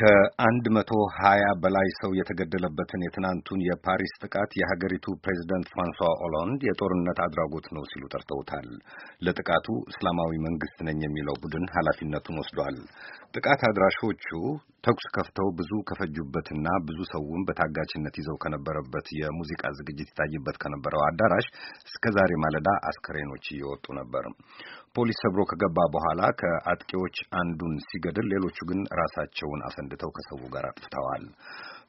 ከአንድ መቶ ሀያ በላይ ሰው የተገደለበትን የትናንቱን የፓሪስ ጥቃት የሀገሪቱ ፕሬዚደንት ፍራንሷ ኦላንድ የጦርነት አድራጎት ነው ሲሉ ጠርተውታል። ለጥቃቱ እስላማዊ መንግስት ነኝ የሚለው ቡድን ኃላፊነቱን ወስዷል። ጥቃት አድራሾቹ ተኩስ ከፍተው ብዙ ከፈጁበትና ብዙ ሰውም በታጋችነት ይዘው ከነበረበት የሙዚቃ ዝግጅት ይታይበት ከነበረው አዳራሽ እስከ ዛሬ ማለዳ አስከሬኖች እየወጡ ነበር። ፖሊስ ሰብሮ ከገባ በኋላ ከአጥቂዎች አንዱን ሲገድል ሌሎቹ ግን ራሳቸውን አፈን አስፈንድተው ከሰው ጋር አጥፍተዋል።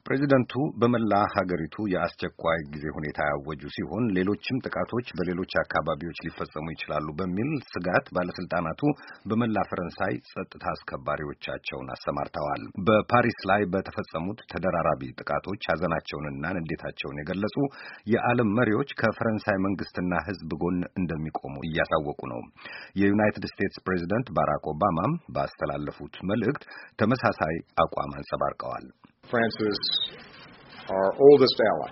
ፕሬዚደንቱ በመላ ሀገሪቱ የአስቸኳይ ጊዜ ሁኔታ ያወጁ ሲሆን ሌሎችም ጥቃቶች በሌሎች አካባቢዎች ሊፈጸሙ ይችላሉ በሚል ስጋት ባለስልጣናቱ በመላ ፈረንሳይ ጸጥታ አስከባሪዎቻቸውን አሰማርተዋል። በፓሪስ ላይ በተፈጸሙት ተደራራቢ ጥቃቶች ሀዘናቸውንና ንዴታቸውን የገለጹ የዓለም መሪዎች ከፈረንሳይ መንግስትና ሕዝብ ጎን እንደሚቆሙ እያሳወቁ ነው። የዩናይትድ ስቴትስ ፕሬዚደንት ባራክ ኦባማም ባስተላለፉት መልእክት ተመሳሳይ አቋም አንጸባርቀዋል። France is our oldest ally.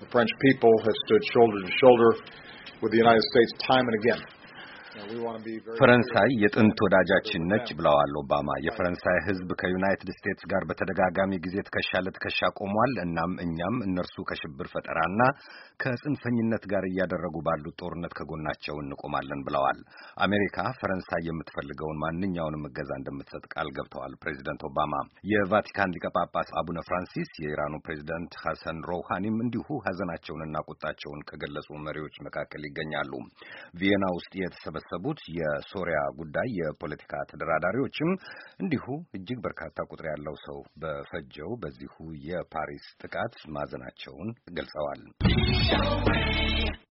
The French people have stood shoulder to shoulder with the United States time and again. ፈረንሳይ የጥንት ወዳጃችን ነች ብለዋል ኦባማ። የፈረንሳይ ሕዝብ ከዩናይትድ ስቴትስ ጋር በተደጋጋሚ ጊዜ ትከሻ ለትከሻ ቆሟል። እናም እኛም እነርሱ ከሽብር ፈጠራና ከጽንፈኝነት ጋር እያደረጉ ባሉት ጦርነት ከጎናቸው እንቆማለን ብለዋል። አሜሪካ ፈረንሳይ የምትፈልገውን ማንኛውንም እገዛ እንደምትሰጥ ቃል ገብተዋል ፕሬዚደንት ኦባማ። የቫቲካን ሊቀ ጳጳስ አቡነ ፍራንሲስ፣ የኢራኑ ፕሬዚደንት ሐሰን ሮሃኒም እንዲሁ ሀዘናቸውንና ቁጣቸውን ከገለጹ መሪዎች መካከል ይገኛሉ። ቪየና ውስጥ የተሰበ ያሳሰቡት የሶሪያ ጉዳይ የፖለቲካ ተደራዳሪዎችም እንዲሁ እጅግ በርካታ ቁጥር ያለው ሰው በፈጀው በዚሁ የፓሪስ ጥቃት ማዘናቸውን ገልጸዋል።